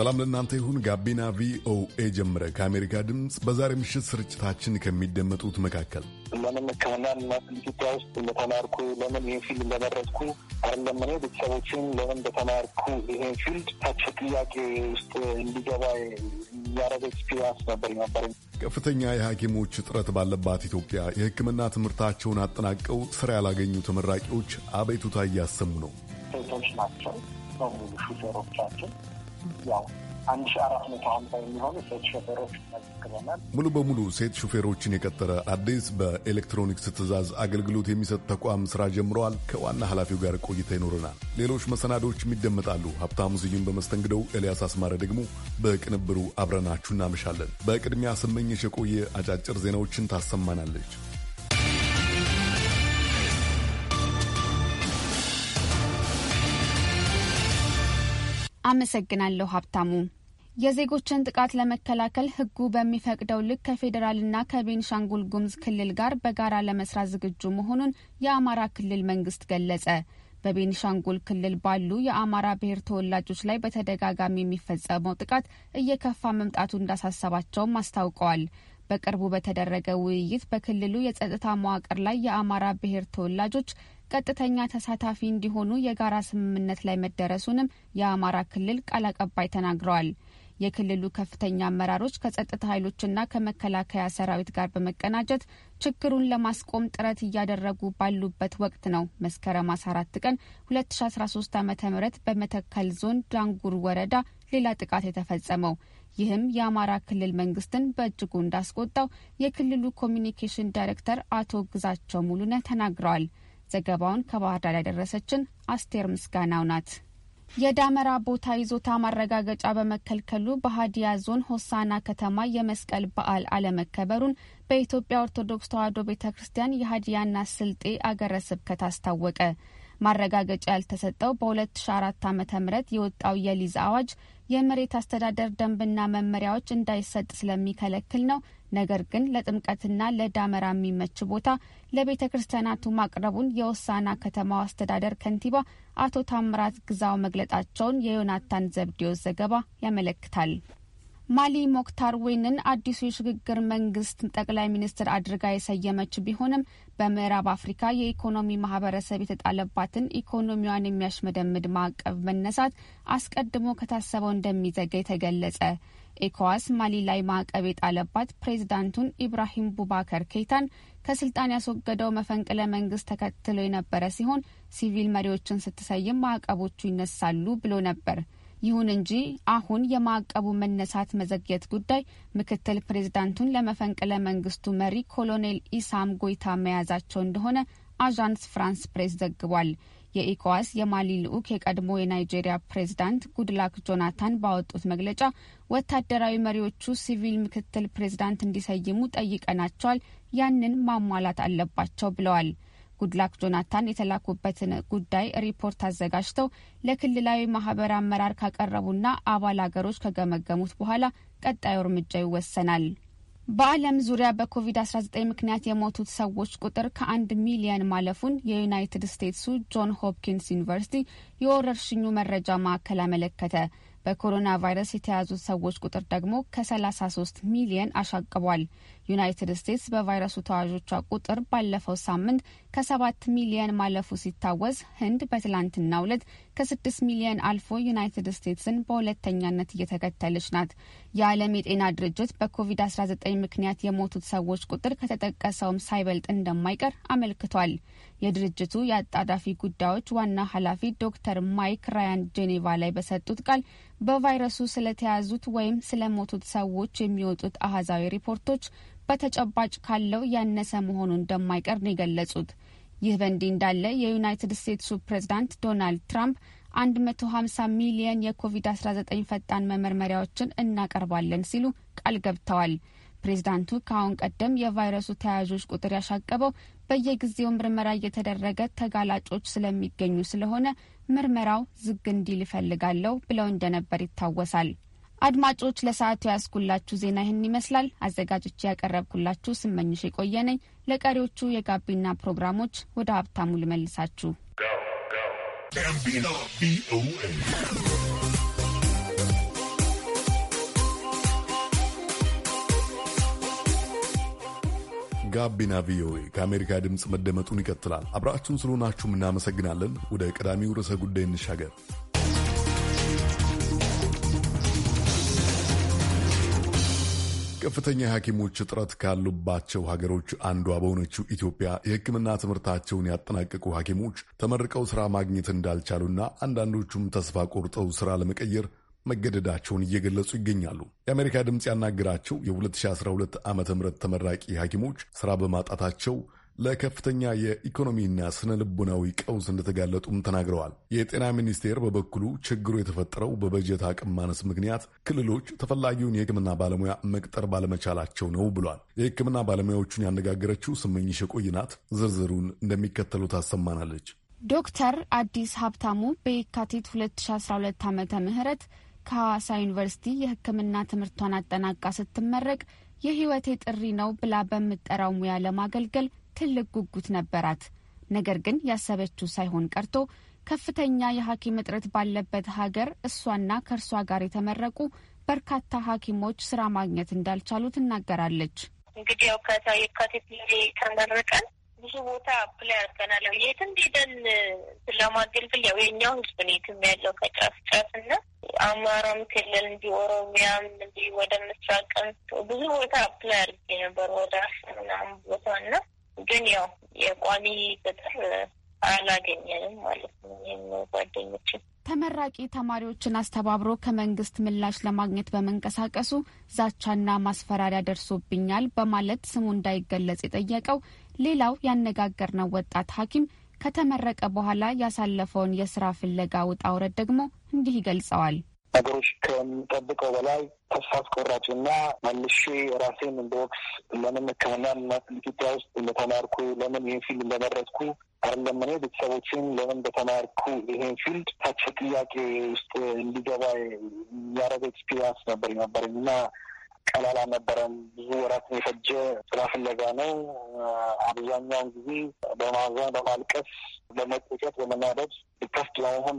ሰላም ለእናንተ ይሁን። ጋቢና ቪኦኤ ጀምረ ከአሜሪካ ድምፅ በዛሬ ምሽት ስርጭታችን ከሚደመጡት መካከል ለምን ሕክምና እናትን ኢትዮጵያ ውስጥ እንደተማርኩ ለምን ይህን ፊልድ እንደመረጥኩ አይደለም እኔ ቤተሰቦችን ለምን እንደተማርኩ ይህን ፊልድ ታቸው ጥያቄ ውስጥ እንዲገባ ያደረገ ኤክስፒሪንስ ነበር ነበር። ከፍተኛ የሐኪሞች እጥረት ባለባት ኢትዮጵያ የሕክምና ትምህርታቸውን አጠናቀው ስራ ያላገኙ ተመራቂዎች አቤቱታ እያሰሙ ነው። ሴቶች ናቸው በሙሉ ሹፌሮቻችን ያው አንድ ሺ አራት መቶ ሀምሳ የሚሆኑ ሴት ሾፌሮች መዝግበናል። ሙሉ በሙሉ ሴት ሾፌሮችን የቀጠረ አዲስ በኤሌክትሮኒክስ ትዕዛዝ አገልግሎት የሚሰጥ ተቋም ስራ ጀምረዋል። ከዋና ኃላፊው ጋር ቆይታ ይኖረናል። ሌሎች መሰናዶዎችም ይደመጣሉ። ሀብታሙ ስዩን በመስተንግደው፣ ኤልያስ አስማረ ደግሞ በቅንብሩ አብረናችሁ እናመሻለን። በቅድሚያ ስመኝሽ የቆየ አጫጭር ዜናዎችን ታሰማናለች። አመሰግናለሁ ሀብታሙ። የዜጎችን ጥቃት ለመከላከል ህጉ በሚፈቅደው ልክ ከፌዴራልና ከቤንሻንጉል ጉሙዝ ክልል ጋር በጋራ ለመስራት ዝግጁ መሆኑን የአማራ ክልል መንግስት ገለጸ። በቤኒሻንጉል ክልል ባሉ የአማራ ብሔር ተወላጆች ላይ በተደጋጋሚ የሚፈጸመው ጥቃት እየከፋ መምጣቱ እንዳሳሰባቸውም አስታውቀዋል። በቅርቡ በተደረገ ውይይት በክልሉ የጸጥታ መዋቅር ላይ የአማራ ብሔር ተወላጆች ቀጥተኛ ተሳታፊ እንዲሆኑ የጋራ ስምምነት ላይ መደረሱንም የአማራ ክልል ቃል አቀባይ ተናግረዋል። የክልሉ ከፍተኛ አመራሮች ከጸጥታ ኃይሎችና ከመከላከያ ሰራዊት ጋር በመቀናጀት ችግሩን ለማስቆም ጥረት እያደረጉ ባሉበት ወቅት ነው መስከረም 14 ቀን 2013 ዓ ም በመተከል ዞን ዳንጉር ወረዳ ሌላ ጥቃት የተፈጸመው። ይህም የአማራ ክልል መንግስትን በእጅጉ እንዳስቆጣው የክልሉ ኮሚኒኬሽን ዳይሬክተር አቶ ግዛቸው ሙሉነ ተናግረዋል። ዘገባውን ከባህር ዳር ያደረሰችን አስቴር ምስጋናው ናት። የዳመራ ቦታ ይዞታ ማረጋገጫ በመከልከሉ በሀዲያ ዞን ሆሳና ከተማ የመስቀል በዓል አለመከበሩን በኢትዮጵያ ኦርቶዶክስ ተዋሕዶ ቤተ ክርስቲያን የሀዲያና ስልጤ አገረ ስብከት አስታወቀ። ማረጋገጫ ያልተሰጠው በ2004 ዓ ም የወጣው የሊዝ አዋጅ የመሬት አስተዳደር ደንብና መመሪያዎች እንዳይሰጥ ስለሚከለክል ነው። ነገር ግን ለጥምቀትና ለዳመራ የሚመች ቦታ ለቤተ ክርስቲያናቱ ማቅረቡን የወሳና ከተማው አስተዳደር ከንቲባ አቶ ታምራት ግዛው መግለጣቸውን የዮናታን ዘብዴዎስ ዘገባ ያመለክታል። ማሊ ሞክታር ዌንን አዲሱ የሽግግር መንግስት ጠቅላይ ሚኒስትር አድርጋ የሰየመች ቢሆንም በምዕራብ አፍሪካ የኢኮኖሚ ማህበረሰብ የተጣለባትን ኢኮኖሚዋን የሚያሽመደምድ ማዕቀብ መነሳት አስቀድሞ ከታሰበው እንደሚዘገይ ተገለጸ። ኤኮዋስ ማሊ ላይ ማዕቀብ የጣለባት ፕሬዚዳንቱን ኢብራሂም ቡባከር ኬይታን ከስልጣን ያስወገደው መፈንቅለ መንግስት ተከትሎ የነበረ ሲሆን ሲቪል መሪዎችን ስትሰይም ማዕቀቦቹ ይነሳሉ ብሎ ነበር። ይሁን እንጂ አሁን የማዕቀቡ መነሳት መዘግየት ጉዳይ ምክትል ፕሬዚዳንቱን ለመፈንቅለ መንግስቱ መሪ ኮሎኔል ኢሳም ጎይታ መያዛቸው እንደሆነ አዣንስ ፍራንስ ፕሬስ ዘግቧል። የኢኮዋስ የማሊ ልዑክ የቀድሞ የናይጄሪያ ፕሬዚዳንት ጉድላክ ጆናታን ባወጡት መግለጫ ወታደራዊ መሪዎቹ ሲቪል ምክትል ፕሬዚዳንት እንዲሰይሙ ጠይቀናቸዋል፣ ያንን ማሟላት አለባቸው ብለዋል። ጉድላክ ጆናታን የተላኩበትን ጉዳይ ሪፖርት አዘጋጅተው ለክልላዊ ማህበር አመራር ካቀረቡና አባል አገሮች ከገመገሙት በኋላ ቀጣዩ እርምጃ ይወሰናል። በዓለም ዙሪያ በኮቪድ-19 ምክንያት የሞቱት ሰዎች ቁጥር ከአንድ ሚሊየን ማለፉን የዩናይትድ ስቴትሱ ጆን ሆፕኪንስ ዩኒቨርሲቲ የወረርሽኙ መረጃ ማዕከል አመለከተ። በኮሮና ቫይረስ የተያዙት ሰዎች ቁጥር ደግሞ ከ33 ሚሊየን አሻቅቧል። ዩናይትድ ስቴትስ በቫይረሱ ተዋዦቿ ቁጥር ባለፈው ሳምንት ከሰባት ሚሊየን ማለፉ ሲታወስ ህንድ በትላንትናው ዕለት ከስድስት ሚሊየን አልፎ ዩናይትድ ስቴትስን በሁለተኛነት እየተከተለች ናት። የዓለም የጤና ድርጅት በኮቪድ-19 ምክንያት የሞቱት ሰዎች ቁጥር ከተጠቀሰውም ሳይበልጥ እንደማይቀር አመልክቷል። የድርጅቱ የአጣዳፊ ጉዳዮች ዋና ኃላፊ ዶክተር ማይክ ራያን ጄኔቫ ላይ በሰጡት ቃል በቫይረሱ ስለተያዙት ወይም ስለሞቱት ሰዎች የሚወጡት አሃዛዊ ሪፖርቶች በተጨባጭ ካለው ያነሰ መሆኑ እንደማይቀር ነው የገለጹት። ይህ በእንዲህ እንዳለ የዩናይትድ ስቴትሱ ፕሬዝዳንት ዶናልድ ትራምፕ 150 ሚሊየን የኮቪድ-19 ፈጣን መመርመሪያዎችን እናቀርባለን ሲሉ ቃል ገብተዋል። ፕሬዚዳንቱ ከአሁን ቀደም የቫይረሱ ተያያዦች ቁጥር ያሻቀበው በየጊዜው ምርመራ እየተደረገ ተጋላጮች ስለሚገኙ ስለሆነ ምርመራው ዝግ እንዲል ይፈልጋለሁ ብለው እንደነበር ይታወሳል። አድማጮች ለሰዓቱ ያስኩላችሁ ዜና ይህን ይመስላል። አዘጋጆች ያቀረብኩላችሁ ስመኝሽ የቆየነኝ። ለቀሪዎቹ የጋቢና ፕሮግራሞች ወደ ሀብታሙ ልመልሳችሁ። ጋቢና ቪኦኤ ከአሜሪካ ድምፅ መደመጡን ይቀጥላል። አብራችሁን ስለሆናችሁም እናመሰግናለን። ወደ ቀዳሚው ርዕሰ ጉዳይ እንሻገር። ከፍተኛ የሐኪሞች እጥረት ካሉባቸው ሀገሮች አንዷ በሆነችው ኢትዮጵያ የሕክምና ትምህርታቸውን ያጠናቀቁ ሐኪሞች ተመርቀው ሥራ ማግኘት እንዳልቻሉና አንዳንዶቹም ተስፋ ቆርጠው ሥራ ለመቀየር መገደዳቸውን እየገለጹ ይገኛሉ። የአሜሪካ ድምፅ ያናገራቸው የ2012 ዓ ም ተመራቂ ሐኪሞች ሥራ በማጣታቸው ለከፍተኛ የኢኮኖሚና ስነ ልቦናዊ ቀውስ እንደተጋለጡም ተናግረዋል። የጤና ሚኒስቴር በበኩሉ ችግሩ የተፈጠረው በበጀት አቅም ማነስ ምክንያት ክልሎች ተፈላጊውን የሕክምና ባለሙያ መቅጠር ባለመቻላቸው ነው ብሏል። የሕክምና ባለሙያዎቹን ያነጋገረችው ስመኝሽ የቆይናት ዝርዝሩን እንደሚከተሉ ታሰማናለች። ዶክተር አዲስ ሀብታሙ በየካቲት 2012 ዓ ም ከሐዋሳ ዩኒቨርሲቲ የሕክምና ትምህርቷን አጠናቃ ስትመረቅ የህይወቴ ጥሪ ነው ብላ በምጠራው ሙያ ለማገልገል ትልቅ ጉጉት ነበራት። ነገር ግን ያሰበችው ሳይሆን ቀርቶ ከፍተኛ የሐኪም እጥረት ባለበት ሀገር እሷና ከእርሷ ጋር የተመረቁ በርካታ ሐኪሞች ስራ ማግኘት እንዳልቻሉ ትናገራለች። እንግዲህ ያው ከታ ተመርቀን ብዙ ቦታ ፕላይ አድርገናል። የትም ሄደን ስለማገልግል ያው የኛው ህዝብ ነው የትም ያለው ከጫፍ ጫፍ እና አማራም ክልል እንዲ ኦሮሚያም እንዲ ወደ ምስራቅም ብዙ ቦታ ፕላይ አድርጌ ነበር ወደ ምናም ቦታ እና ግን ያው የቋሚ ቅጥር አላገኘንም ማለት ነው። ይህም ጓደኞችን ተመራቂ ተማሪዎችን አስተባብሮ ከመንግስት ምላሽ ለማግኘት በመንቀሳቀሱ ዛቻና ማስፈራሪያ ደርሶብኛል በማለት ስሙ እንዳይገለጽ የጠየቀው ሌላው ያነጋገርነው ወጣት ሐኪም ከተመረቀ በኋላ ያሳለፈውን የስራ ፍለጋ ውጣ ውረድ ደግሞ እንዲህ ይገልጸዋል። ነገሮች ከምጠብቀው በላይ ተስፋ እና መልሼ ራሴን እንደ ወቅስ ለምን ሕክምና ኢትዮጵያ ውስጥ እንደተማርኩ ለምን ይህን ፊልድ እንደመረጥኩ አይደለም እኔ ቤተሰቦችን ለምን እንደተማርኩ ይሄን ፊልድ ታች ጥያቄ ውስጥ እንዲገባ ያደረገ ኤክስፒሪያንስ ነበር ነበረኝ እና ቀላል አልነበረም። ብዙ ወራትን የፈጀ ስራ ፍለጋ ነው። አብዛኛውን ጊዜ በማዘን በማልቀስ፣ በመቆጨት፣ በመናደድ ከፍት ለመሆን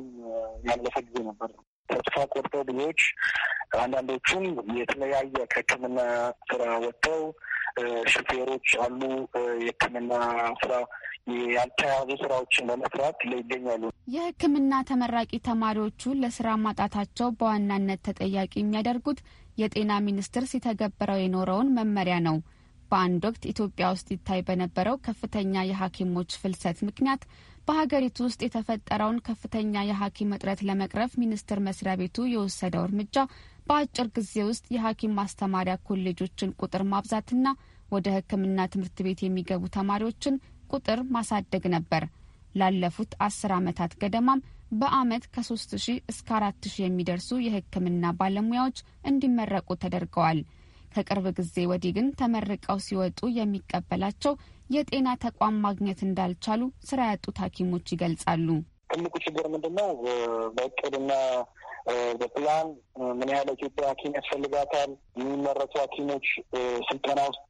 ያለፈ ጊዜ ነበር። ተስፋ ቆርጠው ብዙዎች አንዳንዶቹም የተለያየ ከሕክምና ስራ ወጥተው ሹፌሮች አሉ። የሕክምና ስራ ያልተያዙ ስራዎችን በመስራት ይገኛሉ። የሕክምና ተመራቂ ተማሪዎቹ ለስራ ማጣታቸው በዋናነት ተጠያቂ የሚያደርጉት የጤና ሚኒስቴር ሲተገበረው የኖረውን መመሪያ ነው። በአንድ ወቅት ኢትዮጵያ ውስጥ ይታይ በነበረው ከፍተኛ የሐኪሞች ፍልሰት ምክንያት በሀገሪቱ ውስጥ የተፈጠረውን ከፍተኛ የሐኪም እጥረት ለመቅረፍ ሚኒስቴር መስሪያ ቤቱ የወሰደው እርምጃ በአጭር ጊዜ ውስጥ የሐኪም ማስተማሪያ ኮሌጆችን ቁጥር ማብዛትና ወደ ሕክምና ትምህርት ቤት የሚገቡ ተማሪዎችን ቁጥር ማሳደግ ነበር። ላለፉት አስር ዓመታት ገደማም በአመት ከ3 ሺህ እስከ 4 ሺህ የሚደርሱ የሕክምና ባለሙያዎች እንዲመረቁ ተደርገዋል። ከቅርብ ጊዜ ወዲህ ግን ተመርቀው ሲወጡ የሚቀበላቸው የጤና ተቋም ማግኘት እንዳልቻሉ ስራ ያጡት ሐኪሞች ይገልጻሉ። ትልቁ ችግር ምንድነው? በእቅድና በፕላን ምን ያህል ኢትዮጵያ ሐኪም ያስፈልጋታል የሚመረቱ ሐኪሞች ስልጠና ውስጥ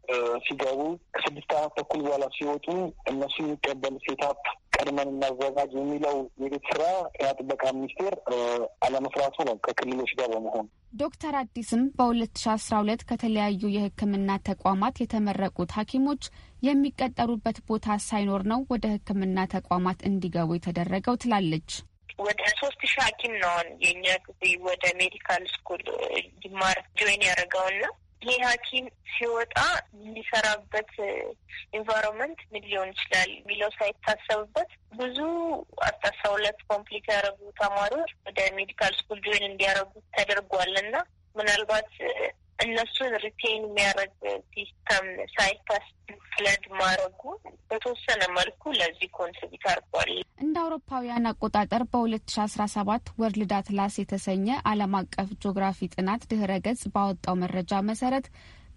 ሲገቡ ከስድስት አመት ተኩል በኋላ ሲወጡ እነሱ የሚቀበል ሴታፕ ቀድመን እናዘጋጅ የሚለው የቤት ስራ ጤና ጥበቃ ሚኒስቴር አለመስራቱ ነው ከክልሎች ጋር በመሆን። ዶክተር አዲስም በ2012 ከተለያዩ የሕክምና ተቋማት የተመረቁት ሐኪሞች የሚቀጠሩበት ቦታ ሳይኖር ነው ወደ ሕክምና ተቋማት እንዲገቡ የተደረገው ትላለች። ወደ ሶስት ሺህ ሐኪም ነውን የእኛ ጊዜ ወደ ሜዲካል ስኩል ዲማር ጆይን ያደረገውና ይህ ሐኪም ሲወጣ የሚሰራበት ኢንቫይሮንመንት ምን ሊሆን ይችላል የሚለው ሳይታሰብበት ብዙ አስራ ሁለት ኮምፕሊት ያደረጉ ተማሪዎች ወደ ሜዲካል ስኩል ጆይን እንዲያደረጉ ተደርጓል እና ምናልባት እነሱን ሪቴን የሚያደርግ ሲስተም ሳይፐስ ፍለድ ማድረጉ በተወሰነ መልኩ ለዚህ ኮንትሪቢት አድርጓል። እንደ አውሮፓውያን አቆጣጠር በ2017 ወርልድ አትላስ የተሰኘ ዓለም አቀፍ ጂኦግራፊ ጥናት ድህረ ገጽ ባወጣው መረጃ መሰረት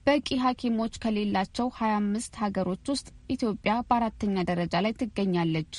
በቂ ሐኪሞች ከሌላቸው 25 ሀገሮች ውስጥ ኢትዮጵያ በአራተኛ ደረጃ ላይ ትገኛለች።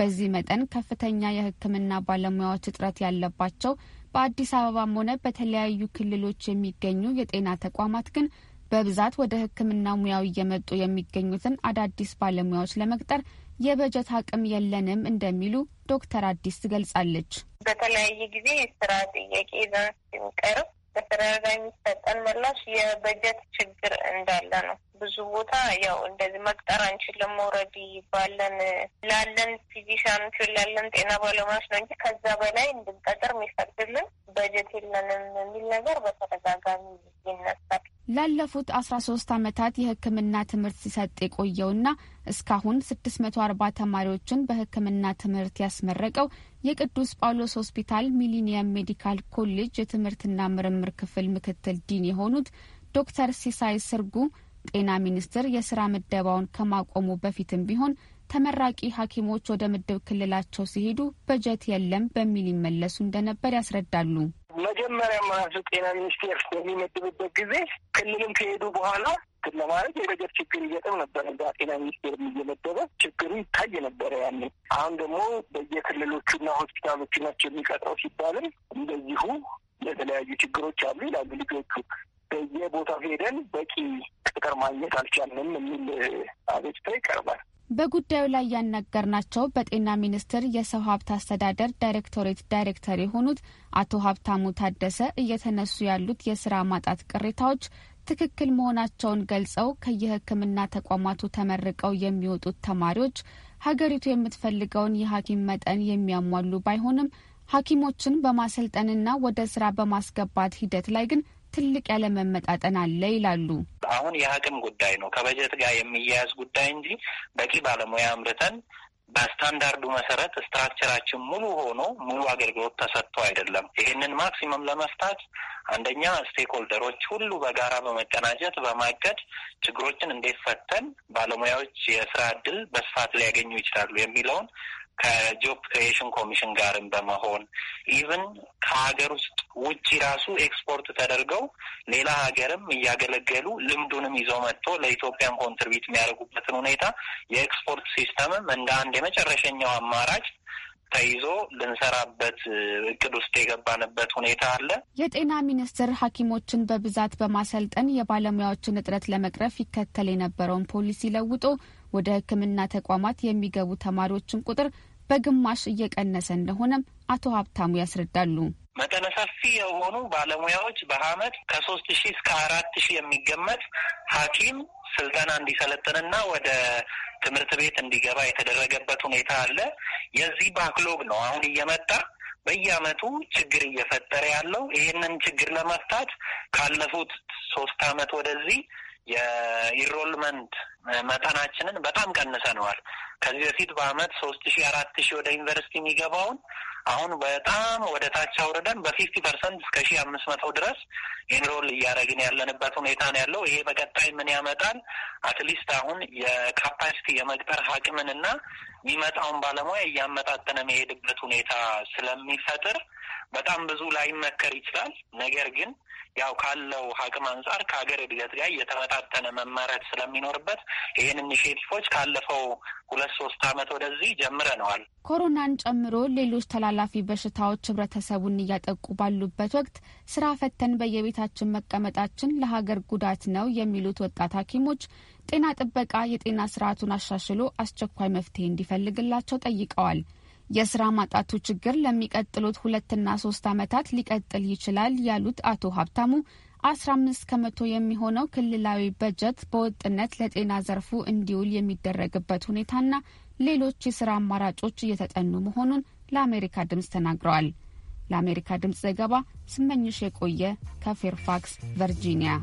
በዚህ መጠን ከፍተኛ የሕክምና ባለሙያዎች እጥረት ያለባቸው በአዲስ አበባም ሆነ በተለያዩ ክልሎች የሚገኙ የጤና ተቋማት ግን በብዛት ወደ ሕክምና ሙያው እየመጡ የሚገኙትን አዳዲስ ባለሙያዎች ለመቅጠር የበጀት አቅም የለንም እንደሚሉ ዶክተር አዲስ ትገልጻለች። በተለያየ ጊዜ የስራ ጥያቄ ይዘን ሲቀርብ በተደጋጋሚ የሚሰጠን ምላሽ የበጀት ችግር እንዳለ ነው። ብዙ ቦታ ያው እንደዚህ መቅጠር አንችልም። ኦልሬዲ ባለን ላለን ፊዚሻኖች ላለን ጤና ባለሙያዎች ነው እንጂ ከዛ በላይ እንድንቀጥር የሚፈቅድልን በጀት የለንም የሚል ነገር በተደጋጋሚ ይነሳል። ላለፉት አስራ ሶስት አመታት የሕክምና ትምህርት ሲሰጥ የቆየውና እስካሁን ስድስት መቶ አርባ ተማሪዎችን በሕክምና ትምህርት ያስመረቀው የቅዱስ ጳውሎስ ሆስፒታል ሚሊኒየም ሜዲካል ኮሌጅ የትምህርትና ምርምር ክፍል ምክትል ዲን የሆኑት ዶክተር ሲሳይ ስርጉ ጤና ሚኒስቴር የስራ ምደባውን ከማቆሙ በፊትም ቢሆን ተመራቂ ሐኪሞች ወደ ምድብ ክልላቸው ሲሄዱ በጀት የለም በሚል ይመለሱ እንደነበር ያስረዳሉ። መጀመሪያ ራሱ ጤና ሚኒስቴር የሚመድብበት ጊዜ ክልልም ከሄዱ በኋላ እንትን ለማለት የበጀት ችግር እየጥም ነበረ። ጤና ሚኒስቴር እየመደበ ችግሩ ይታይ ነበረ ያን አሁን ደግሞ በየክልሎቹና ሆስፒታሎቹ ናቸው የሚቀጥረው ሲባልም እንደዚሁ የተለያዩ ችግሮች አሉ ይላሉ ልጆቹ። በየቦታው ሄደን በቂ ቁጥር ማግኘት አልቻልንም የሚል አቤቱታ ይቀርባል። በጉዳዩ ላይ ያናገርናቸው በጤና ሚኒስቴር የሰው ሀብት አስተዳደር ዳይሬክቶሬት ዳይሬክተር የሆኑት አቶ ሀብታሙ ታደሰ እየተነሱ ያሉት የስራ ማጣት ቅሬታዎች ትክክል መሆናቸውን ገልጸው ከየሕክምና ተቋማቱ ተመርቀው የሚወጡት ተማሪዎች ሀገሪቱ የምትፈልገውን የሐኪም መጠን የሚያሟሉ ባይሆንም ሐኪሞችን በማሰልጠንና ወደ ስራ በማስገባት ሂደት ላይ ግን ትልቅ ያለመመጣጠን አለ ይላሉ። አሁን የአቅም ጉዳይ ነው፣ ከበጀት ጋር የሚያያዝ ጉዳይ እንጂ በቂ ባለሙያ አምርተን በስታንዳርዱ መሰረት ስትራክቸራችን ሙሉ ሆኖ ሙሉ አገልግሎት ተሰጥቶ አይደለም። ይህንን ማክሲመም ለመፍታት አንደኛ ስቴክሆልደሮች ሁሉ በጋራ በመቀናጀት በማገድ ችግሮችን እንዴት ፈተን ባለሙያዎች የስራ እድል በስፋት ሊያገኙ ይችላሉ የሚለውን ከጆብ ክሬሽን ኮሚሽን ጋርም በመሆን ኢቭን ከሀገር ውስጥ ውጭ ራሱ ኤክስፖርት ተደርገው ሌላ ሀገርም እያገለገሉ ልምዱንም ይዘው መጥቶ ለኢትዮጵያን ኮንትሪቢዩት የሚያደርጉበትን ሁኔታ የኤክስፖርት ሲስተምም እንደ አንድ የመጨረሸኛው አማራጭ ተይዞ ልንሰራበት እቅድ ውስጥ የገባንበት ሁኔታ አለ። የጤና ሚኒስቴር ሐኪሞችን በብዛት በማሰልጠን የባለሙያዎችን እጥረት ለመቅረፍ ይከተል የነበረውን ፖሊሲ ለውጦ ወደ ሕክምና ተቋማት የሚገቡ ተማሪዎችን ቁጥር በግማሽ እየቀነሰ እንደሆነም አቶ ሀብታሙ ያስረዳሉ። መጠነ ሰፊ የሆኑ ባለሙያዎች በአመት ከሶስት ሺህ እስከ አራት ሺህ የሚገመት ሐኪም ስልጠና እንዲሰለጥንና ወደ ትምህርት ቤት እንዲገባ የተደረገበት ሁኔታ አለ። የዚህ ባክሎግ ነው አሁን እየመጣ በየአመቱ ችግር እየፈጠረ ያለው። ይህንን ችግር ለመፍታት ካለፉት ሶስት አመት ወደዚህ የኢንሮልመንት መጠናችንን በጣም ቀንሰነዋል። ከዚህ በፊት በአመት ሶስት ሺ አራት ሺ ወደ ዩኒቨርሲቲ የሚገባውን አሁን በጣም ወደ ታች አውርደን በፊፍቲ ፐርሰንት እስከ ሺ አምስት መቶ ድረስ ኢንሮል እያደረግን ያለንበት ሁኔታ ነው ያለው። ይሄ በቀጣይ ምን ያመጣል? አትሊስት አሁን የካፓሲቲ የመቅጠር አቅምንና የሚመጣውን ባለሙያ እያመጣጠነ መሄድበት ሁኔታ ስለሚፈጥር በጣም ብዙ ላይመከር ይችላል። ነገር ግን ያው ካለው አቅም አንጻር ከሀገር እድገት ጋር እየተመጣጠነ መመረት ስለሚኖርበት ይህን ኢኒሽቲቮች ካለፈው ሁለት ሶስት አመት ወደዚህ ጀምረነዋል። ኮሮናን ጨምሮ ሌሎች ተላላፊ በሽታዎች ህብረተሰቡን እያጠቁ ባሉበት ወቅት ስራ ፈተን በየቤታችን መቀመጣችን ለሀገር ጉዳት ነው የሚሉት ወጣት ሐኪሞች ጤና ጥበቃ የጤና ስርዓቱን አሻሽሎ አስቸኳይ መፍትሄ እንዲፈልግላቸው ጠይቀዋል። የስራ ማጣቱ ችግር ለሚቀጥሉት ሁለትና ሶስት ዓመታት ሊቀጥል ይችላል ያሉት አቶ ሀብታሙ አስራ አምስት ከመቶ የሚሆነው ክልላዊ በጀት በወጥነት ለጤና ዘርፉ እንዲውል የሚደረግበት ሁኔታና ሌሎች የስራ አማራጮች እየተጠኑ መሆኑን ለአሜሪካ ድምፅ ተናግረዋል። ለአሜሪካ ድምፅ ዘገባ ስመኝሽ የቆየ ከፌርፋክስ ቨርጂኒያ።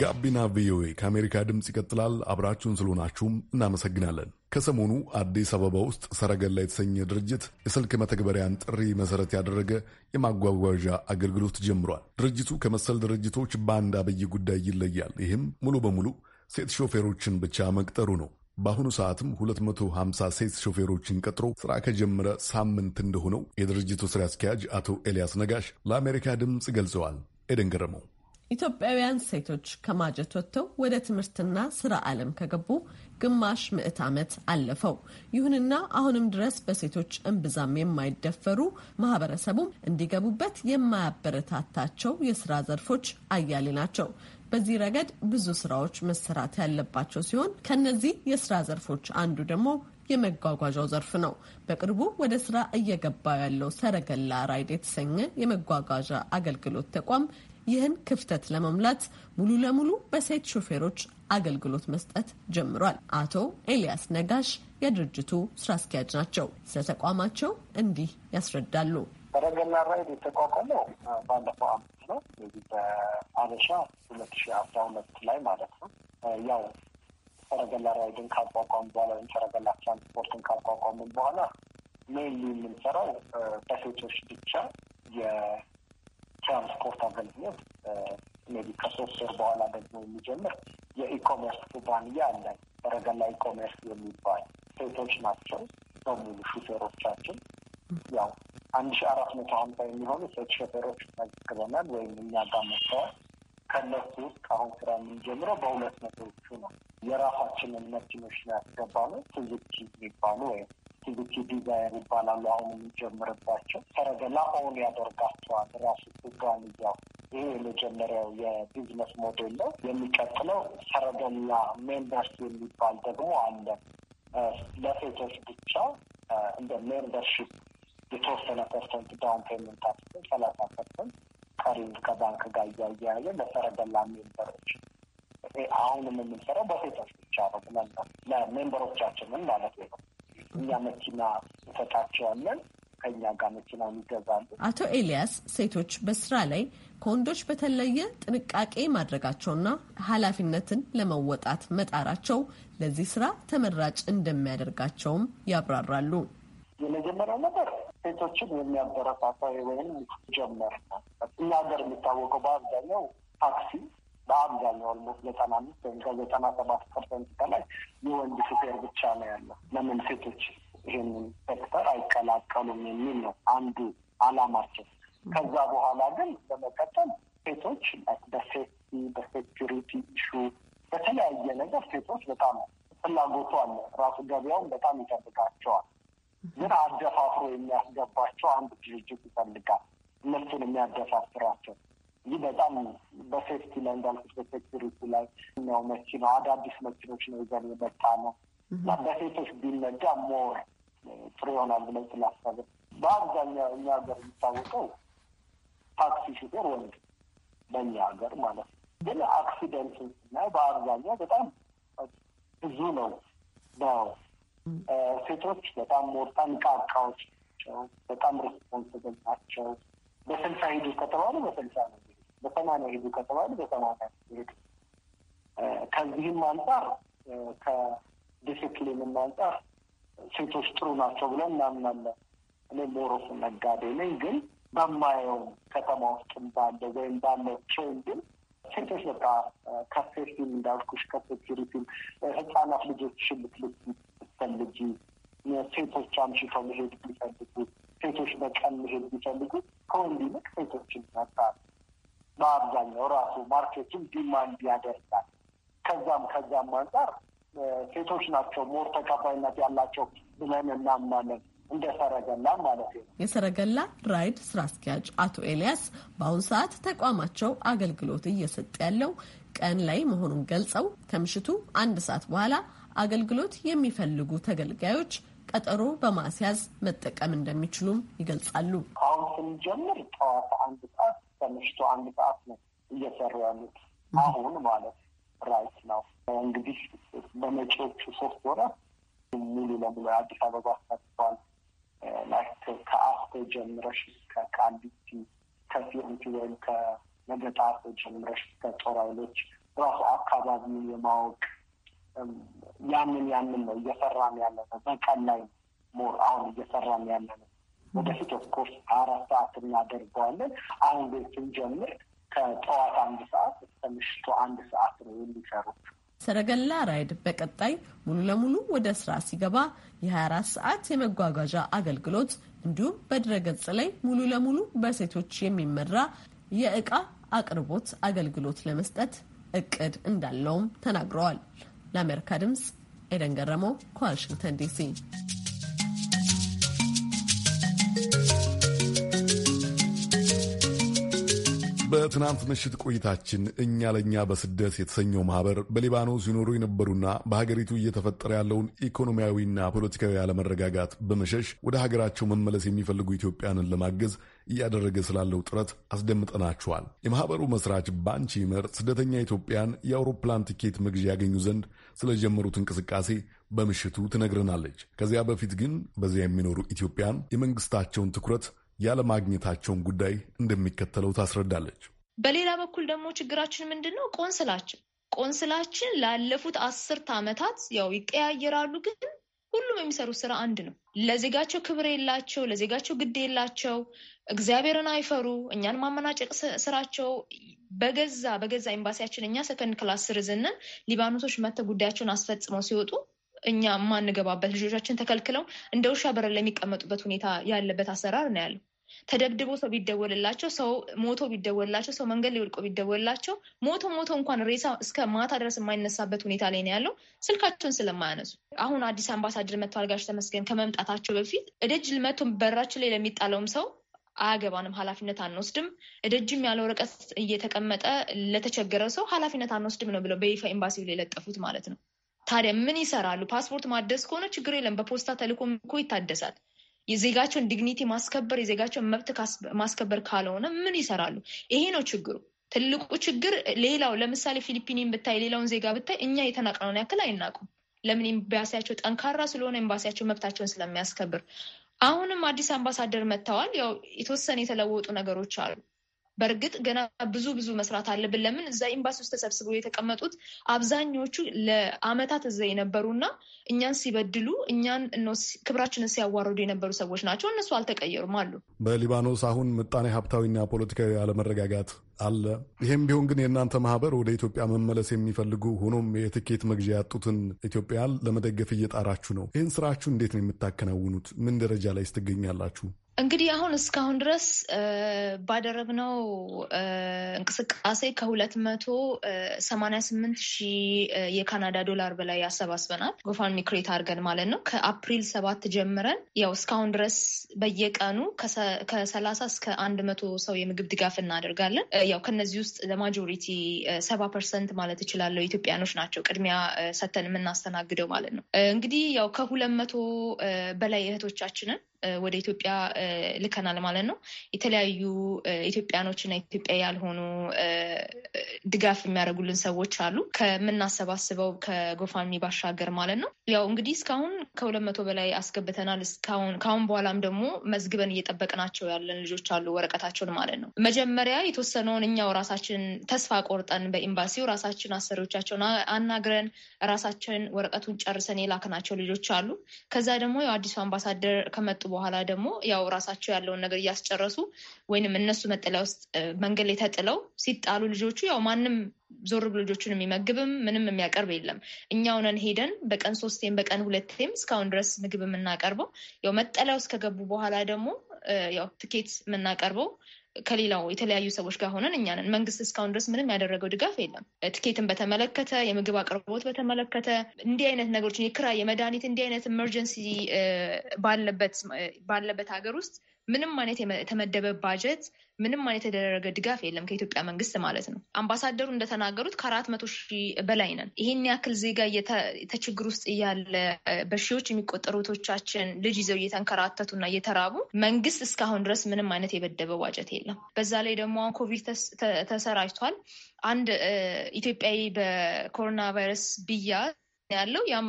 ጋቢና ቪኦኤ ከአሜሪካ ድምፅ ይቀጥላል። አብራችሁን ስለሆናችሁም እናመሰግናለን። ከሰሞኑ አዲስ አበባ ውስጥ ሰረገላ የተሰኘ ድርጅት የስልክ መተግበሪያን ጥሪ መሰረት ያደረገ የማጓጓዣ አገልግሎት ጀምሯል። ድርጅቱ ከመሰል ድርጅቶች በአንድ አብይ ጉዳይ ይለያል። ይህም ሙሉ በሙሉ ሴት ሾፌሮችን ብቻ መቅጠሩ ነው። በአሁኑ ሰዓትም 250 ሴት ሾፌሮችን ቀጥሮ ስራ ከጀመረ ሳምንት እንደሆነው የድርጅቱ ስራ አስኪያጅ አቶ ኤልያስ ነጋሽ ለአሜሪካ ድምፅ ገልጸዋል። ኤደን ገረመው ኢትዮጵያውያን ሴቶች ከማጀት ወጥተው ወደ ትምህርትና ስራ ዓለም ከገቡ ግማሽ ምዕት ዓመት አለፈው። ይሁንና አሁንም ድረስ በሴቶች እምብዛም የማይደፈሩ ማህበረሰቡም እንዲገቡበት የማያበረታታቸው የስራ ዘርፎች አያሌ ናቸው። በዚህ ረገድ ብዙ ስራዎች መሰራት ያለባቸው ሲሆን ከነዚህ የስራ ዘርፎች አንዱ ደግሞ የመጓጓዣው ዘርፍ ነው። በቅርቡ ወደ ስራ እየገባ ያለው ሰረገላ ራይድ የተሰኘ የመጓጓዣ አገልግሎት ተቋም ይህን ክፍተት ለመሙላት ሙሉ ለሙሉ በሴት ሾፌሮች አገልግሎት መስጠት ጀምሯል። አቶ ኤልያስ ነጋሽ የድርጅቱ ስራ አስኪያጅ ናቸው። ስለ ተቋማቸው እንዲህ ያስረዳሉ። በረገና ራይድ የተቋቋመው ባለፈው አመት ነው። እዚህ በአበሻ ሁለት ሺ አስራ ሁለት ላይ ማለት ነው። ያው ሰረገላ ራይድን ካቋቋም በኋላ ወይም ሰረገላ ትራንስፖርትን ካቋቋምን በኋላ ሜይንሊ የምንሰራው በሴቶች ብቻ ትራንስፖርት አገልግሎት ሜቢ ከሶስት ወር በኋላ ደግሞ የሚጀምር የኢኮሜርስ ኩባንያ አለ። በረገላ ኢኮሜርስ የሚባል ሴቶች ናቸው በሙሉ ሹፌሮቻችን። ያው አንድ ሺ አራት መቶ ሀምሳ የሚሆኑ ሴት ሾፌሮች መዝግበናል ወይም እኛ ጋር መጥተዋል። ከነሱ ውስጥ አሁን ስራ የምንጀምረው በሁለት መቶዎቹ ነው። የራሳችንን መኪኖች ነው ያስገባ ነው ሱዙኪ የሚባሉ ወይም አክቲቪቲ ዲዛይር ይባላሉ። አሁን የሚጀምርባቸው ሰረገላ ኦን ያደርጋቸዋል ራሱ ፕሮግራም ይህ የመጀመሪያው የቢዝነስ ሞዴል ነው። የሚቀጥለው ሰረገላ ሜምበርስ የሚባል ደግሞ አለ። ለሴቶች ብቻ እንደ ሜምበርሺፕ የተወሰነ ፐርሰንት ዳውን ፔመንት አስ ሰላሳ ፐርሰንት ቀሪውን ከባንክ ጋር እያያያለ ለሰረገላ ሜምበሮች አሁንም የምንሰራው በሴቶች ብቻ ነው ብለን ለሜምበሮቻችንን ማለት ነው። እኛ መኪና እንሰጣቸዋለን ከኛ ጋር መኪናውን ይገዛሉ። አቶ ኤልያስ ሴቶች በስራ ላይ ከወንዶች በተለየ ጥንቃቄ ማድረጋቸውና ኃላፊነትን ለመወጣት መጣራቸው ለዚህ ስራ ተመራጭ እንደሚያደርጋቸውም ያብራራሉ። የመጀመሪያው ነገር ሴቶችን የሚያበረታታ ወይም ጀመር እኛ ሀገር የሚታወቀው በአብዛኛው ታክሲ በአብዛኛው ኦልሞስት ዘጠና አምስት ወይም ከዘጠና ሰባት ፐርሰንት በላይ የወንድ ሹፌር ብቻ ነው ያለው። ለምን ሴቶች ይህንን ሴክተር አይቀላቀሉም የሚል ነው አንዱ አላማቸው ከዛ በኋላ ግን በመቀጠል ሴቶች በሴፍቲ በሴኪሪቲ ኢሹ በተለያየ ነገር ሴቶች በጣም ፍላጎቱ አለ። ራሱ ገበያውን በጣም ይጠብቃቸዋል። ግን አደፋፍሮ የሚያስገባቸው አንድ ድርጅት ይፈልጋል እነሱን የሚያደፋፍራቸው ይህ በጣም በሴፍቲ ላይ እንዳልኩት በሴኩሪቲ ላይ ነው። መኪና አዳዲስ መኪኖች ነው ይዘን የመጣ ነው እና በሴቶች ቢነዳ ሞር ጥሩ ይሆናል ብለን ስላሰብን በአብዛኛው እኛ ሀገር የሚታወቀው ታክሲ ሹፌር ወንድ በእኛ ሀገር ማለት ነው። ግን አክሲደንት ስናይ በአብዛኛው በጣም ብዙ ነው ነው ሴቶች በጣም ሞር ጠንቃቃዎች ናቸው። በጣም ሬስፖንስብል ናቸው። በስልሳ ሂዱ ከተባሉ በስልሳ ነው በሰማንያ ሂዱ ከተባለ በሰማንያ ሂዱ። ከዚህም አንጻር ከዲስፕሊንም አንጻር ሴቶች ጥሩ ናቸው ብለን እናምናለን። እኔ ሞሮስ ነጋዴ ነኝ፣ ግን በማየው ከተማ ውስጥም ባለ ወይም ባለው ትሬንድም ሴቶች በቃ ከሴፊም እንዳልኩሽ ከሴኪሪቲም ህጻናት ልጆች ልትልት ብትፈልጊ ሴቶች አምሽተው መሄድ ቢፈልጉ ሴቶች በቀን መሄድ ቢፈልጉ ከወንድ ይልቅ ሴቶችን ይመርጣሉ። በአብዛኛው ራሱ ማርኬቱን ዲማንድ ያደርጋል። ከዛም ከዛም አንጻር ሴቶች ናቸው ሞር ተቀባይነት ያላቸው ብለን እናምናለን። እንደ ሰረገላ ማለት ነው። የሰረገላ ራይድ ስራ አስኪያጅ አቶ ኤልያስ በአሁኑ ሰዓት ተቋማቸው አገልግሎት እየሰጠ ያለው ቀን ላይ መሆኑን ገልጸው ከምሽቱ አንድ ሰዓት በኋላ አገልግሎት የሚፈልጉ ተገልጋዮች ቀጠሮ በማስያዝ መጠቀም እንደሚችሉም ይገልጻሉ። አሁን ስንጀምር ጠዋት አንድ ሰዓት ከምሽቱ አንድ ሰዓት ነው እየሰሩ ያሉት አሁን ማለት ራይት ነው። እንግዲህ በመጪዎቹ ሶስት ወራት ሙሉ ለሙሉ አዲስ አበባ ሰጥቷል። ላይክ ከአፍቶ ጀምረሽ እስከ ቃሊቲ ከፊንቲ ወይም ከነገጣፎ ጀምረሽ እስከ ጦር ኃይሎች ራሱ አካባቢውን የማወቅ ያንን ያንን ነው እየሰራን ያለ ነው። በቀን ላይ ሞር አሁን እየሰራን ያለ ነው። ወደፊት ኦፍኮርስ አራት ሰዓት እናደርገዋለን። አሁን ግን ስንጀምር ከጠዋት አንድ ሰዓት እስከ ምሽቱ አንድ ሰዓት ነው የሚሰሩት። ሰረገላ ራይድ በቀጣይ ሙሉ ለሙሉ ወደ ስራ ሲገባ የ24 ሰዓት የመጓጓዣ አገልግሎት እንዲሁም በድረገጽ ላይ ሙሉ ለሙሉ በሴቶች የሚመራ የእቃ አቅርቦት አገልግሎት ለመስጠት እቅድ እንዳለውም ተናግረዋል። ለአሜሪካ ድምፅ ኤደን ገረመው ከዋሽንግተን ዲሲ በትናንት ምሽት ቆይታችን እኛ ለእኛ በስደት የተሰኘው ማህበር በሊባኖስ ይኖሩ የነበሩና በሀገሪቱ እየተፈጠረ ያለውን ኢኮኖሚያዊና ፖለቲካዊ አለመረጋጋት በመሸሽ ወደ ሀገራቸው መመለስ የሚፈልጉ ኢትዮጵያንን ለማገዝ እያደረገ ስላለው ጥረት አስደምጠናችኋል። የማህበሩ መስራች ባንቺ ይመር ስደተኛ ኢትዮጵያን የአውሮፕላን ትኬት መግዣ ያገኙ ዘንድ ስለጀመሩት እንቅስቃሴ በምሽቱ ትነግረናለች። ከዚያ በፊት ግን በዚያ የሚኖሩ ኢትዮጵያን የመንግስታቸውን ትኩረት ያለማግኘታቸውን ጉዳይ እንደሚከተለው ታስረዳለች። በሌላ በኩል ደግሞ ችግራችን ምንድን ነው? ቆንስላችን ቆንስላችን ላለፉት አስርት ዓመታት ያው ይቀያየራሉ፣ ግን ሁሉም የሚሰሩት ስራ አንድ ነው። ለዜጋቸው ክብር የላቸው፣ ለዜጋቸው ግድ የላቸው፣ እግዚአብሔርን አይፈሩ፣ እኛን ማመናጨቅ ስራቸው። በገዛ በገዛ ኤምባሲያችን እኛ ሰከንድ ክላስ ስርዝንን ሊባኖሶች መተ ጉዳያቸውን አስፈጽመው ሲወጡ እኛ የማንገባበት ልጆቻችን ተከልክለው እንደ ውሻ በረ ለሚቀመጡበት ሁኔታ ያለበት አሰራር ነው ያለው። ተደብድቦ ሰው ቢደወልላቸው ሰው ሞቶ ቢደወልላቸው ሰው መንገድ ላይ ወድቆ ቢደወልላቸው ሞቶ ሞቶ እንኳን ሬሳ እስከ ማታ ድረስ የማይነሳበት ሁኔታ ላይ ነው ያለው። ስልካቸውን ስለማያነሱ አሁን አዲስ አምባሳደር መጥተዋል ጋሽ ተመስገን ከመምጣታቸው በፊት እደጅ መቶ በራችን ላይ ለሚጣለውም ሰው አያገባንም፣ ኃላፊነት አንወስድም፣ እደጅም ያለ ወረቀት እየተቀመጠ ለተቸገረ ሰው ኃላፊነት አንወስድም ነው ብለው በይፋ ኤምባሲው ላይ የለጠፉት ማለት ነው። ታዲያ ምን ይሰራሉ? ፓስፖርት ማደስ ከሆነ ችግር የለም፣ በፖስታ ተልኮ እኮ ይታደሳል። የዜጋቸውን ዲግኒቲ ማስከበር የዜጋቸውን መብት ማስከበር ካልሆነ ምን ይሰራሉ? ይሄ ነው ችግሩ። ትልቁ ችግር ሌላው ለምሳሌ ፊሊፒኒን ብታይ፣ ሌላውን ዜጋ ብታይ እኛ የተናቅነውን ያክል አይናቁም። ለምን? ኤምባሲያቸው ጠንካራ ስለሆነ ኤምባሲያቸው መብታቸውን ስለሚያስከብር። አሁንም አዲስ አምባሳደር መጥተዋል። ያው የተወሰነ የተለወጡ ነገሮች አሉ። በእርግጥ ገና ብዙ ብዙ መስራት አለብን። ለምን እዛ ኤምባሲ ውስጥ ተሰብስበው የተቀመጡት አብዛኞቹ ለአመታት እዛ እና እኛን ሲበድሉ እኛን ክብራችንን ሲያዋርዱ የነበሩ ሰዎች ናቸው። እነሱ አልተቀየሩም አሉ። በሊባኖስ አሁን ምጣኔ ሀብታዊና ፖለቲካዊ አለመረጋጋት አለ። ይህም ቢሆን ግን የእናንተ ማህበር ወደ ኢትዮጵያ መመለስ የሚፈልጉ ሆኖም የትኬት መግዣ ያጡትን ኢትዮጵያን ለመደገፍ እየጣራችሁ ነው። ይህን ስራችሁ እንዴት ነው የምታከናውኑት? ምን ደረጃ ላይ ስትገኛላችሁ? እንግዲህ አሁን እስካሁን ድረስ ባደረግነው እንቅስቃሴ ከሁለት መቶ ሰማኒያ ስምንት ሺህ የካናዳ ዶላር በላይ ያሰባስበናል። ጎፋን ሚክሬት አድርገን ማለት ነው። ከአፕሪል ሰባት ጀምረን ያው እስካሁን ድረስ በየቀኑ ከሰላሳ እስከ አንድ መቶ ሰው የምግብ ድጋፍ እናደርጋለን። ያው ከነዚህ ውስጥ ለማጆሪቲ ሰባ ፐርሰንት ማለት እችላለሁ ኢትዮጵያኖች ናቸው ቅድሚያ ሰተን የምናስተናግደው ማለት ነው። እንግዲህ ያው ከሁለት መቶ በላይ እህቶቻችንን ወደ ኢትዮጵያ ልከናል ማለት ነው። የተለያዩ ኢትዮጵያኖች እና ኢትዮጵያ ያልሆኑ ድጋፍ የሚያደርጉልን ሰዎች አሉ ከምናሰባስበው ከጎፋሚ ባሻገር ማለት ነው። ያው እንግዲህ እስካሁን ከሁለት መቶ በላይ አስገብተናል። እስካሁን ከአሁን በኋላም ደግሞ መዝግበን እየጠበቅናቸው ያለን ልጆች አሉ ወረቀታቸውን ማለት ነው። መጀመሪያ የተወሰነውን እኛው ራሳችን ተስፋ ቆርጠን በኤምባሲው ራሳችን አሰሪዎቻቸውን አናግረን ራሳችን ወረቀቱን ጨርሰን የላክናቸው ልጆች አሉ። ከዛ ደግሞ የአዲሱ አምባሳደር ከመጡ በኋላ ደግሞ ያው ራሳቸው ያለውን ነገር እያስጨረሱ ወይንም እነሱ መጠለያ ውስጥ መንገድ ላይ ተጥለው ሲጣሉ ልጆቹ ያው ማንም ዞር ብሎ ልጆቹን የሚመግብም ምንም የሚያቀርብ የለም። ሁነን ሄደን በቀን ሶስቴም በቀን ሁለቴም እስካሁን ድረስ ምግብ የምናቀርበው ያው መጠለያ ውስጥ ከገቡ በኋላ ደግሞ ያው ትኬት የምናቀርበው ከሌላው የተለያዩ ሰዎች ጋር ሆነን እኛንን መንግስት እስካሁን ድረስ ምንም ያደረገው ድጋፍ የለም። ትኬትን በተመለከተ፣ የምግብ አቅርቦት በተመለከተ እንዲህ አይነት ነገሮችን የክራይ የመድኃኒት እንዲህ አይነት ኢመርጀንሲ ባለበት ሀገር ውስጥ ምንም አይነት የተመደበ ባጀት ምንም አይነት የተደረገ ድጋፍ የለም ከኢትዮጵያ መንግስት ማለት ነው። አምባሳደሩ እንደተናገሩት ከአራት መቶ ሺህ በላይ ነን። ይህን ያክል ዜጋ ተችግር ውስጥ እያለ በሺዎች የሚቆጠሩ እህቶቻችን ልጅ ይዘው እየተንከራተቱና እየተራቡ መንግስት እስካሁን ድረስ ምንም አይነት የበደበ ባጀት የለም። በዛ ላይ ደግሞ አሁን ኮቪድ ተሰራጅቷል። አንድ ኢትዮጵያዊ በኮሮና ቫይረስ ቢያዝ ያለው ያም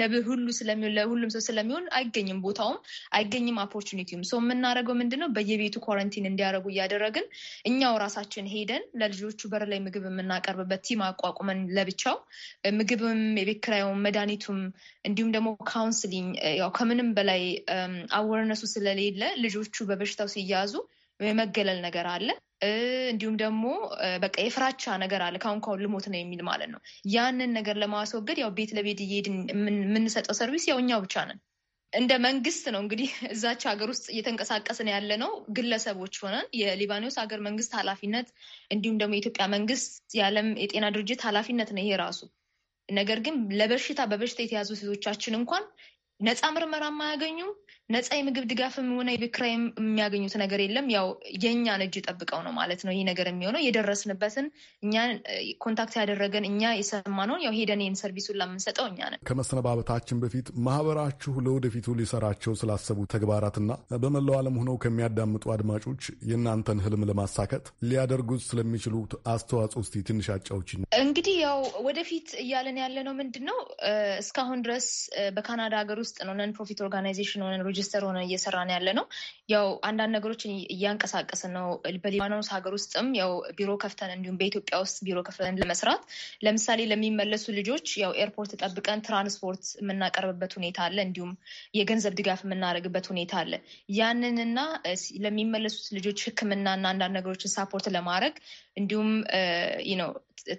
ለሁሉም ሰው ስለሚሆን አይገኝም፣ ቦታውም አይገኝም፣ አፖርቹኒቲውም ሰው የምናደርገው ምንድን ነው? በየቤቱ ኳረንቲን እንዲያደርጉ እያደረግን እኛው ራሳችን ሄደን ለልጆቹ በር ላይ ምግብ የምናቀርብበት ቲም አቋቁመን ለብቻው ምግብም፣ የቤት መድኒቱም መድኃኒቱም እንዲሁም ደግሞ ካውንስሊንግ ያው ከምንም በላይ አወርነሱ ስለሌለ ልጆቹ በበሽታው ሲያያዙ የመገለል ነገር አለ። እንዲሁም ደግሞ በቃ የፍራቻ ነገር አለ። ካሁን ካሁን ልሞት ነው የሚል ማለት ነው። ያንን ነገር ለማስወገድ ያው ቤት ለቤት እየሄድን የምንሰጠው ሰርቪስ ያው እኛው ብቻ ነን። እንደ መንግስት ነው እንግዲህ እዛች ሀገር ውስጥ እየተንቀሳቀስን ያለ ነው። ግለሰቦች ሆነን የሊባኖስ ሀገር መንግስት ኃላፊነት እንዲሁም ደግሞ የኢትዮጵያ መንግስት፣ የዓለም የጤና ድርጅት ኃላፊነት ነው ይሄ ራሱ ነገር ግን ለበሽታ በበሽታ የተያዙ ሴቶቻችን እንኳን ነፃ ምርመራ አያገኙም። ነፃ የምግብ ድጋፍም ሆነ የቤት ኪራይ የሚያገኙት ነገር የለም። ያው የእኛን እጅ ጠብቀው ነው ማለት ነው ይህ ነገር የሚሆነው። የደረስንበትን እኛ ኮንታክት ያደረገን እኛ የሰማነውን ያው ሄደን ይህን ሰርቪሱን ለምንሰጠው እኛ ነን። ከመሰነባበታችን በፊት ማህበራችሁ ለወደፊቱ ሊሰራቸው ስላሰቡ ተግባራትና በመላው ዓለም ሆነው ከሚያዳምጡ አድማጮች የእናንተን ህልም ለማሳከት ሊያደርጉት ስለሚችሉት አስተዋጽኦ እስቲ ትንሽ አጫዎች። እንግዲህ ያው ወደፊት እያለን ያለ ነው ምንድን ነው እስካሁን ድረስ በካናዳ ሀገር ውስጥ ውስጥ ነው ነን ፕሮፊት ኦርጋናይዜሽን ሆነን ሬጅስተር ሆነን እየሰራን ያለ ነው። ያው አንዳንድ ነገሮችን እያንቀሳቀስን ነው። በሊባኖስ ሀገር ውስጥም ያው ቢሮ ከፍተን እንዲሁም በኢትዮጵያ ውስጥ ቢሮ ከፍተን ለመስራት ለምሳሌ ለሚመለሱ ልጆች ያው ኤርፖርት ጠብቀን ትራንስፖርት የምናቀርብበት ሁኔታ አለ። እንዲሁም የገንዘብ ድጋፍ የምናደርግበት ሁኔታ አለ። ያንንና ለሚመለሱት ልጆች ሕክምናና አንዳንድ ነገሮችን ሳፖርት ለማድረግ እንዲሁም ነው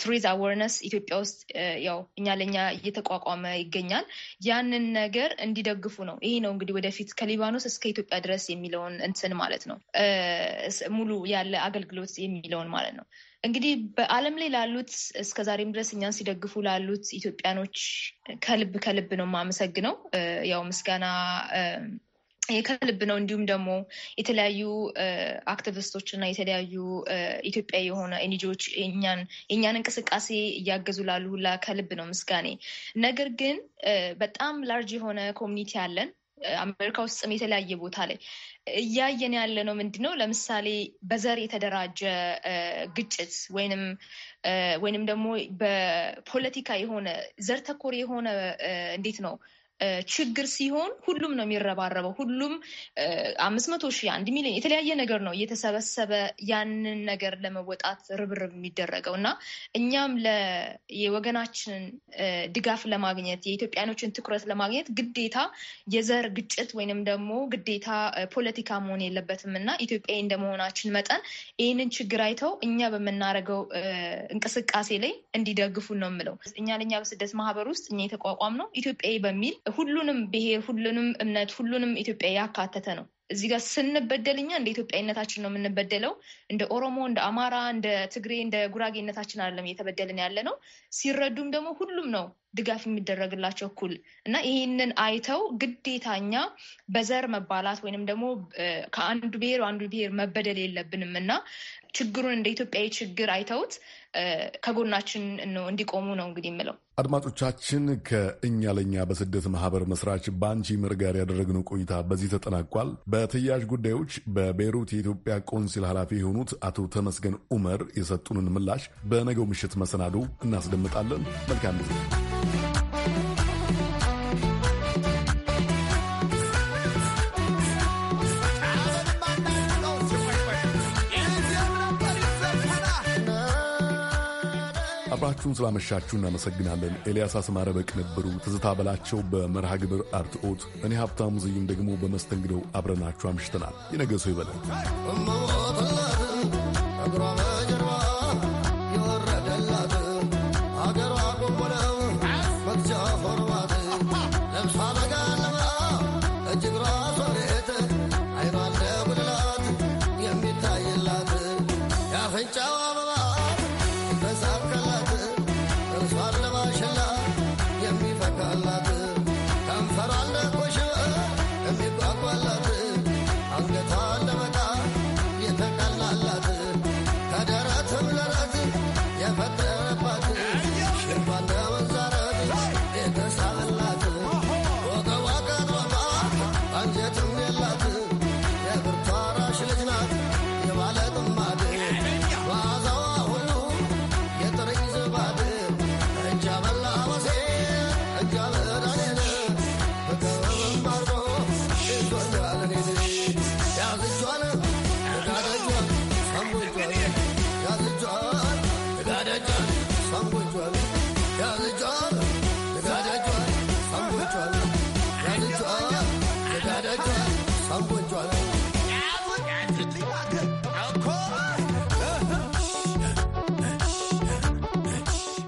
ቱሪዝ አወርነስ ኢትዮጵያ ውስጥ ያው እኛ ለእኛ እየተቋቋመ ይገኛል። ያንን ነገር እንዲደግፉ ነው። ይሄ ነው እንግዲህ ወደፊት ከሊባኖስ እስከ ኢትዮጵያ ድረስ የሚለውን እንትን ማለት ነው ሙሉ ያለ አገልግሎት የሚለውን ማለት ነው። እንግዲህ በዓለም ላይ ላሉት እስከዛሬም ድረስ እኛን ሲደግፉ ላሉት ኢትዮጵያኖች ከልብ ከልብ ነው የማመሰግነው ያው ምስጋና ከልብ ነው። እንዲሁም ደግሞ የተለያዩ አክቲቪስቶች እና የተለያዩ ኢትዮጵያ የሆነ ኤንጂኦዎች የእኛን እንቅስቃሴ እያገዙ ላሉ ሁላ ከልብ ነው ምስጋኔ። ነገር ግን በጣም ላርጅ የሆነ ኮሚኒቲ አለን አሜሪካ ውስጥም የተለያየ ቦታ ላይ እያየን ያለ ነው ምንድን ነው ለምሳሌ በዘር የተደራጀ ግጭት ወይንም ወይንም ደግሞ በፖለቲካ የሆነ ዘር ተኮር የሆነ እንዴት ነው ችግር ሲሆን ሁሉም ነው የሚረባረበው። ሁሉም አምስት መቶ ሺህ አንድ ሚሊዮን የተለያየ ነገር ነው እየተሰበሰበ ያንን ነገር ለመወጣት ርብርብ የሚደረገው እና እኛም የወገናችንን ድጋፍ ለማግኘት የኢትዮጵያኖችን ትኩረት ለማግኘት ግዴታ የዘር ግጭት ወይንም ደግሞ ግዴታ ፖለቲካ መሆን የለበትም እና ኢትዮጵያዊ እንደመሆናችን መጠን ይህንን ችግር አይተው እኛ በምናደርገው እንቅስቃሴ ላይ እንዲደግፉ ነው የምለው። እኛ ለእኛ በስደት ማህበር ውስጥ እኛ የተቋቋም ነው ኢትዮጵያዊ በሚል ሁሉንም ብሄር፣ ሁሉንም እምነት፣ ሁሉንም ኢትዮጵያ ያካተተ ነው። እዚህ ጋር ስንበደልኛ እንደ ኢትዮጵያዊነታችን ነው የምንበደለው። እንደ ኦሮሞ፣ እንደ አማራ፣ እንደ ትግሬ፣ እንደ ጉራጌነታችን አይደለም እየተበደልን ያለ ነው። ሲረዱም ደግሞ ሁሉም ነው ድጋፍ የሚደረግላቸው እኩል እና ይህንን አይተው ግዴታኛ በዘር መባላት ወይንም ደግሞ ከአንዱ ብሄር አንዱ ብሄር መበደል የለብንም እና ችግሩን እንደ ኢትዮጵያዊ ችግር አይተውት ከጎናችን እንዲቆሙ ነው እንግዲህ የምለው። አድማጮቻችን ከእኛ ለእኛ በስደት ማህበር መስራች በአንቺ ምር ጋር ያደረግነው ቆይታ በዚህ ተጠናቋል። በተያያዥ ጉዳዮች በቤይሩት የኢትዮጵያ ቆንሲል ኃላፊ የሆኑት አቶ ተመስገን ኡመር የሰጡንን ምላሽ በነገው ምሽት መሰናዶ እናስደምጣለን። መልካም ጊዜ። አብራችሁን ስላመሻችሁ እናመሰግናለን። ኤልያስ አስማረ በቅንብሩ፣ ትዝታ በላቸው በመርሃ ግብር አርትኦት እኔ ሀብታሙ ዝይም ደግሞ በመስተንግደው አብረናችሁ አምሽተናል። የነገ ሰው ይበለን።